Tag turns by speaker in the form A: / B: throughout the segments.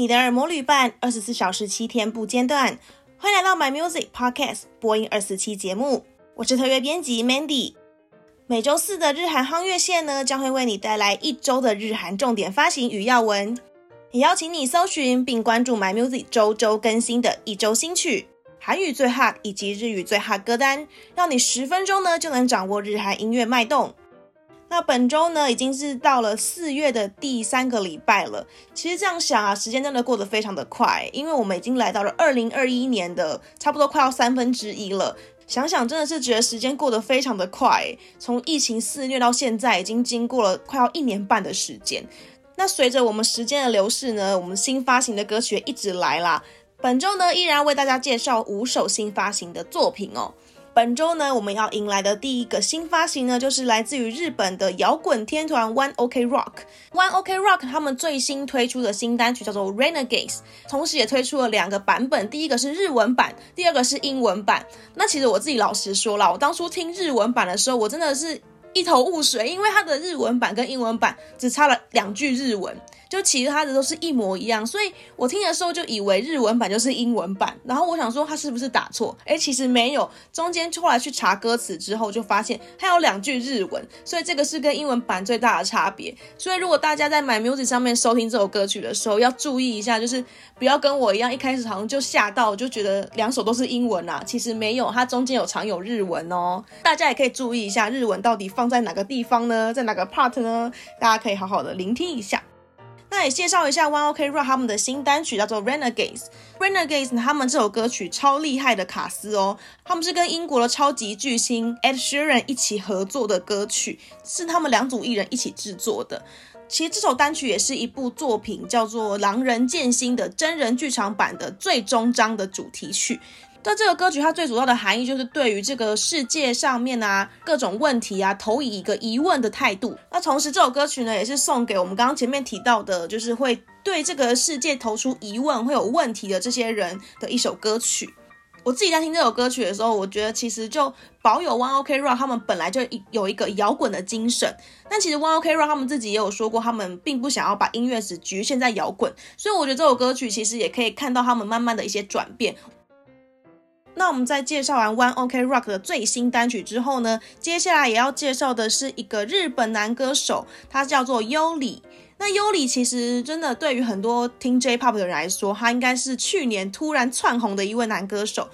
A: 你的耳膜旅伴，二十四小時七天不間斷，歡迎來到 My Music Podcast 播音二四七節目，我是特約編輯 Mandy。每周四的日韓夯樂線呢，將會為你帶來一周的日韓重點發行與要聞，也邀請你搜尋並關注 My Music 周周更新的一周新曲、韓語最 hot 以及日語最 hot 歌單，讓你十分鐘呢就能掌握日韓音樂脈動。那本週呢，已經是到了四月的第三個禮拜了。其實這樣想啊，時間真的過得非常的快，因為我們已經來到了二零二一年的差不多快要三分之一了。想想真的是覺得時間過得非常的快，從疫情肆虐到現在，已經經過了快要一年半的時間。那隨着我們時間的流逝呢，我們新發行的歌曲一直來啦。本週呢，依然為大家介紹五首新發行的作品哦。本周呢，我們要迎來的第一個新發行呢，就是來自於日本的搖滾天團 One OK Rock。One OK Rock 他們最新推出的新單曲叫做《Renegades》，同時也推出了兩個版本，第一個是日文版，第二個是英文版。那其實我自己老實說啦，我當初聽日文版的時候，我真的是一頭霧水，因為它的日文版跟英文版只差了兩句日文。就其他的都是一模一樣，所以我聽的時候就以為日文版就是英文版，然後我想說它是不是打錯？哎、欸，其實沒有。中間後來去查歌詞之後，就發現它有兩句日文，所以這個是跟英文版最大的差別。所以如果大家在 MyMusic 上面收聽這首歌曲的時候，要注意一下，就是不要跟我一樣，一開始好像就嚇到，就覺得兩首都是英文啊。其實沒有，它中間有藏有日文哦。大家也可以注意一下，日文到底放在哪個地方呢？在哪個 part 呢？大家可以好好的聆聽一下。那也介紹一下 One OK Rock 他們的新單曲叫做 Renegades。Renegades 他們這首歌曲超厲害的卡斯哦，他們是跟英國的超級巨星 Ed Sheeran 一起合作的歌曲，是他們兩組藝人一起制作的。其實這首單曲也是一部作品叫做《狼人劍心》的真人劇場版的最終章的主題曲。那這個歌曲它最主要的含義就是對於這個世界上面啊各種問題啊投以一個疑問的態度。那同時這首歌曲呢也是送給我們剛剛前面提到的，就是會對這個世界投出疑問會有問題的這些人的一首歌曲。我自己在聽這首歌曲的時候，我覺得其實就保有 ONE OK ROCK 他們本來就有一個搖滾的精神。但其實 ONE OK ROCK 他們自己也有說過，他們並不想要把音樂只局限在搖滾。所以我覺得這首歌曲其實也可以看到他們慢慢的一些轉變。那我們在介紹完 One OK Rock 的最新單曲之後呢，接下來也要介紹的是一個日本男歌手，他叫做優裡。那優裡其實真的對於很多聽 J-Pop 的人來說，他應該是去年突然竄紅的一位男歌手。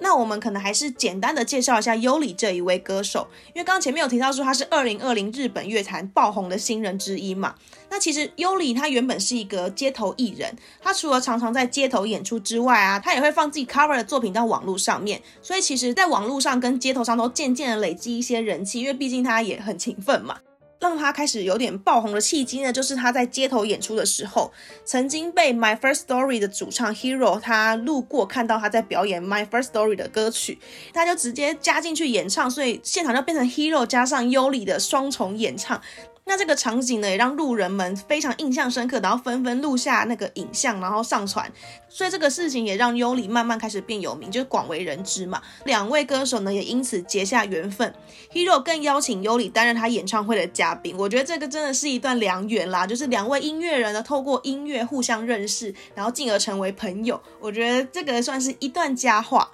A: 那我們可能還是簡單的介紹一下優里這一位歌手，因為剛剛前面有提到說他是二零二零日本樂壇爆紅的新人之一嘛。那其實優里他原本是一個街頭藝人，他除了常常在街頭演出之外啊，他也會放自己 cover 的作品到網絡上面，所以其實在網絡上跟街頭上都漸漸的累積一些人氣，因為畢竟他也很勤奮嘛。讓他開始有點爆紅的契機呢，就是他在街頭演出的時候，曾經被《My First Story》的主唱 Hero 他路過看到他在表演《My First Story》的歌曲，他就直接加進去演唱，所以現場就變成 Hero 加上優里的雙重演唱。那這個場景呢，也讓路人們非常印象深刻，然後紛紛錄下那個影像，然後上傳。所以這個事情也讓優里慢慢開始變有名，就是廣為人知嘛。兩位歌手呢也因此結下緣分，Hero 更邀請優里擔任他演唱會的嘉賓。我覺得這個真的是一段良緣啦，就是兩位音樂人呢透過音樂互相認識，然後進而成為朋友。我覺得這個算是一段佳話。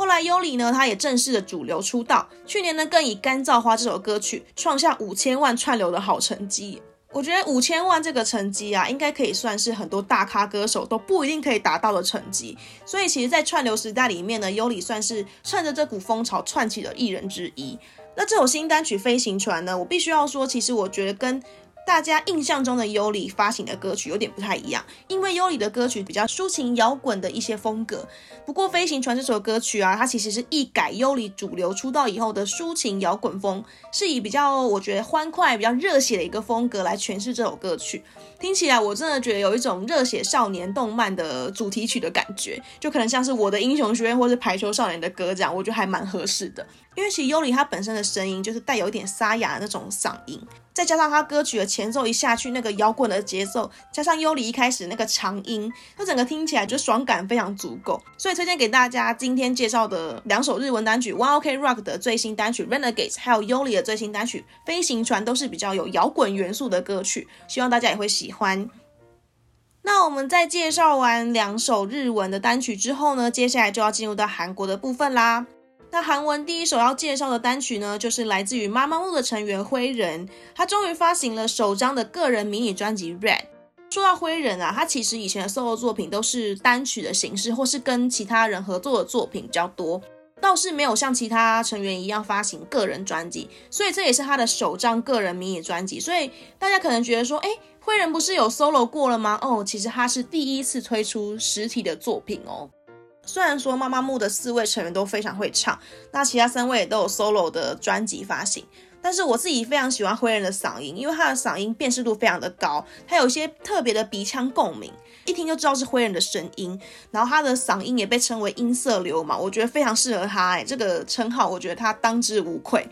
A: 後來，優里呢，他也正式的主流出道。去年呢，更以《乾燥花》這首歌曲創下五千萬串流的好成績。我覺得五千萬這個成績啊，應該可以算是很多大咖歌手都不一定可以達到的成績。所以，其實，在串流時代裡面呢，優里算是趁着這股風潮串起的藝人之一。那這首新單曲《飛行船》呢，我必須要說，其實我覺得跟大家印象中的優里發行的歌曲有點不太一樣，因為優里的歌曲比較抒情搖滾的一些風格。不過《飛行船》這首歌曲啊，它其實是一改優里主流出道以後的抒情搖滾風，是以比較我覺得歡快、比較熱血的一個風格來詮釋這首歌曲。聽起來我真的覺得有一種熱血少年動漫的主題曲的感覺，就可能像是《我的英雄學院》或是《排球少年》的歌這樣，我覺得還蠻合適的。因為其實優里他本身的聲音就是帶有一點沙啞的那種嗓音，再加上他歌曲的前奏一下去那個搖滾的節奏，加上優里一開始那個長音，他整個聽起來就爽感非常足夠。所以推薦給大家今天介紹的兩首日文單曲，ONE OK ROCK 的最新單曲《Renegades》，還有優里的最新單曲《飛行船》，都是比較有搖滾元素的歌曲，希望大家也會喜歡。那我們在介紹完兩首日文的單曲之後呢，接下來就要進入到韓國的部分啦。那韓文第一首要介紹的單曲呢，就是來自於媽媽屋的成員輝人，他終於發行了首張的個人迷你專輯《Redd》。說到輝人啊，他其實以前的 solo 作品都是單曲的形式，或是跟其他人合作的作品比較多，倒是沒有像其他成員一樣發行個人專輯，所以這也是他的首張個人迷你專輯。所以大家可能覺得說，哎、欸，輝人不是有 solo 過了嗎？哦，其實他是第一次推出實體的作品哦。雖然說媽媽木的四位成員都非常會唱，那其他三位也都有 solo 的專輯發行，但是我自己非常喜歡輝人的嗓音，因為他的嗓音辨識度非常的高，他有一些特別的鼻腔共鳴，一聽就知道是輝人的聲音，然後他的嗓音也被稱為音色流氓，我覺得非常適合他，哎，這個稱號我覺得他當之無愧。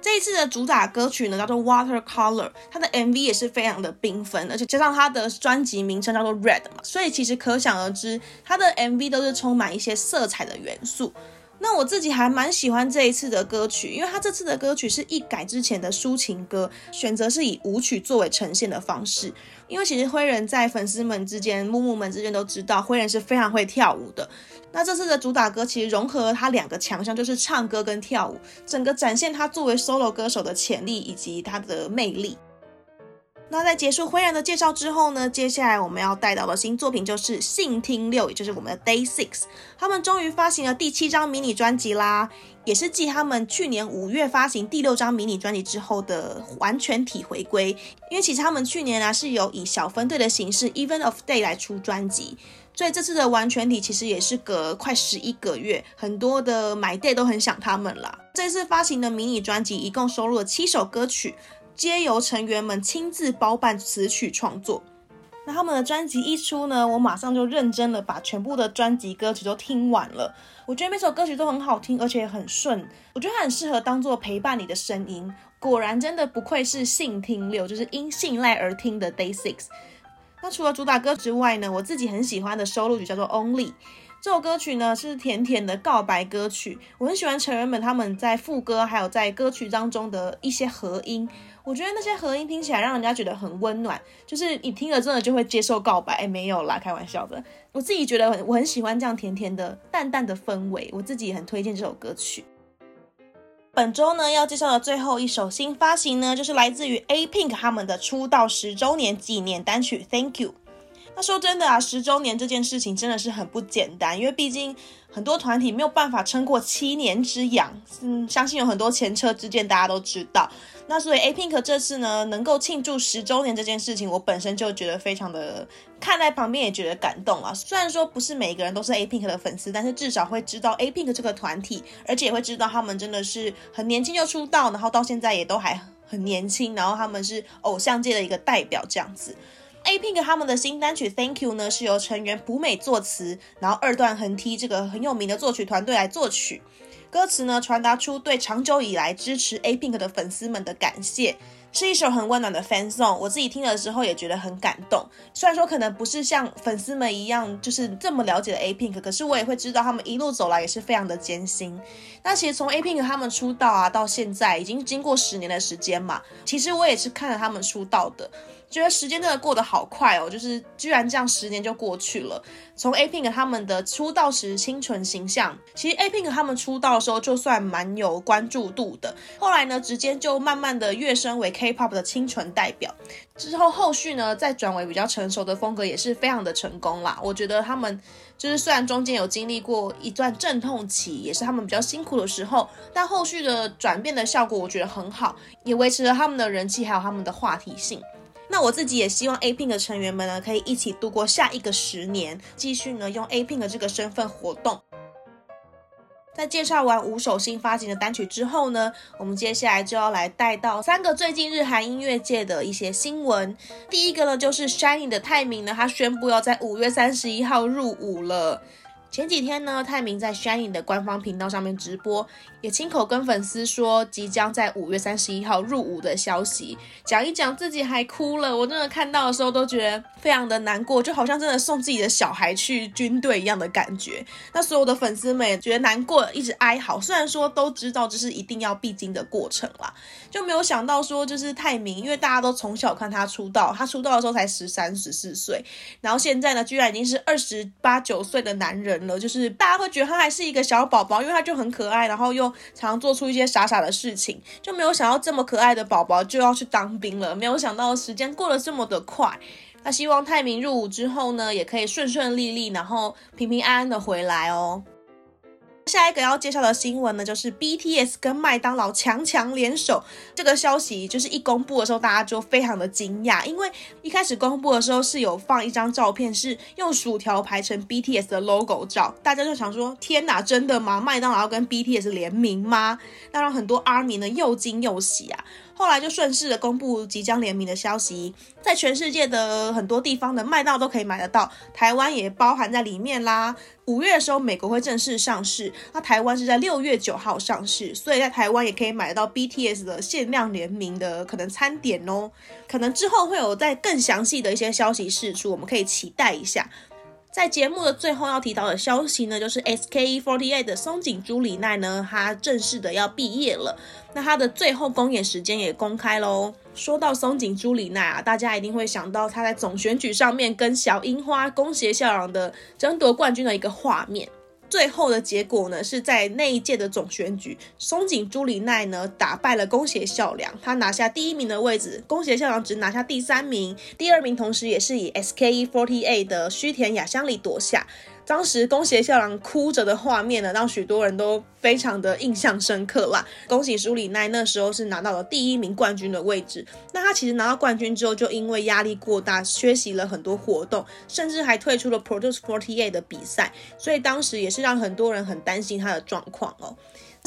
A: 這一次的主打歌曲呢，叫做 Watercolor，它的 MV 也是非常的繽紛，而且加上它的專輯名稱叫做 Redd 嘛，所以其實可想而知，它的 MV 都是充滿一些色彩的元素。那我自己還蠻喜歡這一次的歌曲，因為他這次的歌曲是一改之前的抒情歌，選擇是以舞曲作為呈現的方式。因為其實輝人在粉絲們之間、木木們之間都知道，輝人是非常會跳舞的。那這次的主打歌其實融合了他兩個強項，就是唱歌跟跳舞，整個展現他作為 solo 歌手的潛力以及他的魅力。那在結束灰人的介紹之後呢，接下來我們要帶到的新作品就是信聽六，也就是我們的 Day Six。他們終於發行了第七張迷你專輯啦，也是繼他們去年五月發行第六張迷你專輯之後的完全體回歸。因為其實他們去年啊是有以小分隊的形式 Even of Day 來出專輯，所以這次的完全體其實也是隔快十一個月，很多的買 Day 都很想他們了。這次發行的迷你專輯一共收錄了七首歌曲，皆由成員們親自包辦詞曲創作，那他們的專輯一出呢，我馬上就認真地把全部的專輯歌曲都聽完了。我覺得每首歌曲都很好聽，而且很順。我覺得它很適合當做陪伴你的聲音。果然，真的不愧是信聽六，就是因信賴而聽的 Day6。那除了主打歌之外呢，我自己很喜歡的收錄曲叫做《Only》這首歌曲呢，是甜甜的告白歌曲。我很喜歡成員們他們在副歌還有在歌曲當中的一些和音，我覺得那些和音聽起來讓人家覺得很溫暖，就是你聽了真的就會接受告白。哎，沒有啦，開玩笑的。我自己覺得很我很喜歡這樣甜甜的、淡淡的氛圍，我自己也很推薦這首歌曲。本週呢要介紹的最後一首新發行呢，就是來自於 Apink 他們的出道十週年紀念單曲《Thank You》。那說真的啊，十週年這件事情真的是很不簡單，因為畢竟很多團體沒有辦法撐過七年之癢，嗯，相信有很多前車之鑑，大家都知道。那所以 Apink 這次呢，能夠慶祝十週年這件事情，我本身就覺得非常的看在旁邊也覺得感動啊。雖然說不是每個人都是 Apink 的粉絲，但是至少會知道 Apink 這個團體，而且也會知道他們真的是很年輕就出道，然後到現在也都還很年輕，然後他們是偶像界的一個代表這樣子。A Pink 他們的新單曲《Thank You》呢，是由成員普美作詞，然後二段橫踢這個很有名的作曲團隊來作曲。歌詞呢傳達出對長久以來支持 A Pink 的粉絲們的感謝，是一首很溫暖的 Fan Song。我自己聽了之後也覺得很感動。雖然說可能不是像粉絲們一樣就是這麼了解的 A Pink，可是我也會知道他們一路走來也是非常的艱辛。那其實從 A Pink 他們出道啊到現在，已經經過十年的時間嘛。其實我也是看了他們出道的。覺得時間真的過得好快哦！就是居然這樣十年就過去了。從 Apink 他們的出道時清純形象，其實 Apink 他們出道的時候就算蠻有關注度的。後來呢，直接就慢慢的躍升為 K-pop 的清純代表。之後後續呢，再轉為比較成熟的風格，也是非常的成功啦。我覺得他們就是雖然中間有經歷過一段陣痛期，也是他們比較辛苦的時候，但後續的轉變的效果我覺得很好，也維持了他們的人氣還有他們的話題性。那我自己也希望 A Pink 的成員們呢，可以一起度過下一個十年，繼續呢用 A Pink 的這個身份活動。 在介紹完五首新發行的單曲之後呢，我們接下來就要來帶到三個最近日韓音樂界的一些新聞。第一個呢，就是 SHINee 的泰民呢，他宣布要在五月三十一號入伍了。前幾天呢，泰民在 SHINee 的官方頻道上面直播，也親口跟粉絲說即將在五月三十一號入伍的消息，講一講自己還哭了，我真的看到的時候都覺得非常的難過，就好像真的送自己的小孩去軍隊一樣的感覺。那所有的粉絲們也覺得難過了，一直哀嚎。雖然說都知道這是一定要必經的過程啦，就沒有想到說就是泰民，因為大家都從小看他出道，他出道的時候才十三、十四歲，然後現在呢，居然已經是二十八九歲的男人。就是大家會覺得他還是一個小寶寶，因為他就很可愛，然後又常做出一些傻傻的事情，就沒有想到這麼可愛的寶寶就要去當兵了。沒有想到時間過得這麼的快，那希望泰民入伍之後呢，也可以順順利利，然後平平安安的回來哦。下一個要介紹的新聞呢，就是 BTS 跟麥當勞強強聯手。這個消息就是一公布的時候，大家就非常的驚訝，因為一開始公布的時候是有放一張照片，是用薯條排成 BTS 的 logo 照，大家就想說：天哪，真的嗎？麥當勞要跟 BTS 聯名嗎？那讓很多 ARMY 呢又驚又喜啊。後來就順勢的公布即將聯名的消息，在全世界的很多地方的麥當勞都可以買得到，台灣也包含在裡面啦。五月的時候，美國會正式上市，那台灣是在六月九號上市，所以在台灣也可以買得到 BTS 的限量聯名的可能餐點哦、喔。可能之後會有再更詳細的一些消息釋出，我們可以期待一下。在節目的最後要提到的消息呢，就是 SKE48 的松井珠理奈呢，她正式的要畢業了。那她的最後公演時間也公開嘍。說到松井珠理奈啊，大家一定會想到她在總選舉上面跟小櫻花宮脇咲良的爭奪冠軍的一個畫面。最後的結果呢，是在那一屆的總選舉，松井珠理奈呢打敗了宮脇咲良，他拿下第一名的位置，宮脇咲良只拿下第三名，第二名同時也是以 SKE forty eight 的須田亞香里奪下。當時宮脇咲良哭着的畫面呢，讓許多人都非常的印象深刻啦。恭喜珠理奈，那時候是拿到了第一名冠軍的位置。那他其實拿到冠軍之後，就因為壓力過大，缺席了很多活動，甚至還退出了 Produce 48的比賽。所以當時也是讓很多人很擔心他的狀況哦。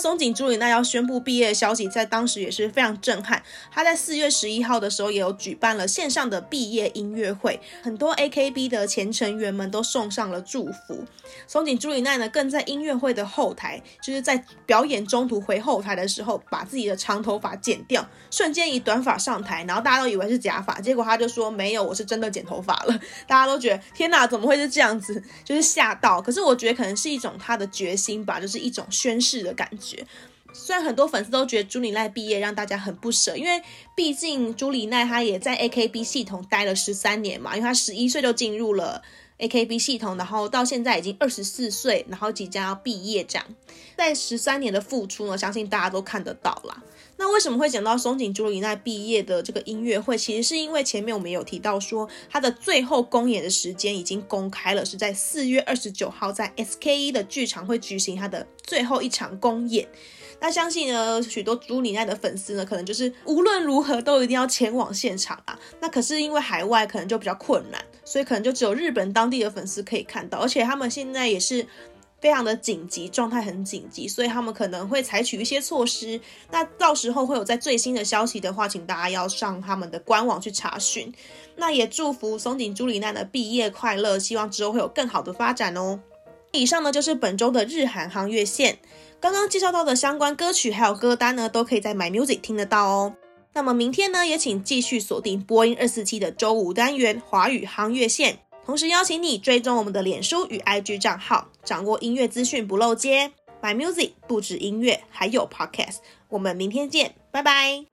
A: 松井珠理奈要宣布畢業的消息，在當時也是非常震撼。她在四月十一號的時候，也有舉辦了線上的畢業音樂會，很多 AKB 的前成員們都送上了祝福。松井珠理奈呢，更在音樂會的後台，就是在表演中途回後台的時候，把自己的長頭髮剪掉，瞬間以短髮上台，然後大家都以為是假髮，結果她就說沒有，我是真的剪頭髮了。大家都覺得天哪，怎麼會是這樣子？就是嚇到。可是我覺得可能是一種他的決心吧，就是一種宣誓的感覺。雖然很多粉絲都覺得珠理奈畢業讓大家很不舍，因為畢竟珠理奈她也在 AKB 系統待了十三年嘛，因為她十一歲就進入了。A K B 系統，然後到現在已經二十四歲，然後即將要畢業這樣，在十三年的付出呢，相信大家都看得到啦。那為什麼會講到松井珠理奈畢業的這個音樂會？其實是因為前面我們有提到說，他的最後公演的時間已經公開了，是在四月二十九號在 S K E 的劇場會舉行他的最後一場公演。那相信呢，許多珠理奈的粉絲呢，可能就是無論如何都一定要前往現場啊。那可是因為海外可能就比較困難。所以可能就只有日本當地的粉絲可以看到，而且他們現在也是非常的緊急，狀態很緊急，所以他們可能會採取一些措施。那到時候會有在最新的消息的話，請大家要上他們的官網去查詢。那也祝福松井珠理奈的畢業快樂，希望之後會有更好的發展哦。以上呢就是本周的日韓夯樂線，剛剛介紹到的相關歌曲還有歌單呢，都可以在 MyMusic 聽得到哦。那麼明天呢，也請繼續鎖定播音二四七，的周五單元華語夯樂線。同時邀請你追蹤我們的臉書與 IG 賬號，掌握音樂資訊不漏接。My Music 不只音樂，還有 Podcast。我們明天見，拜拜。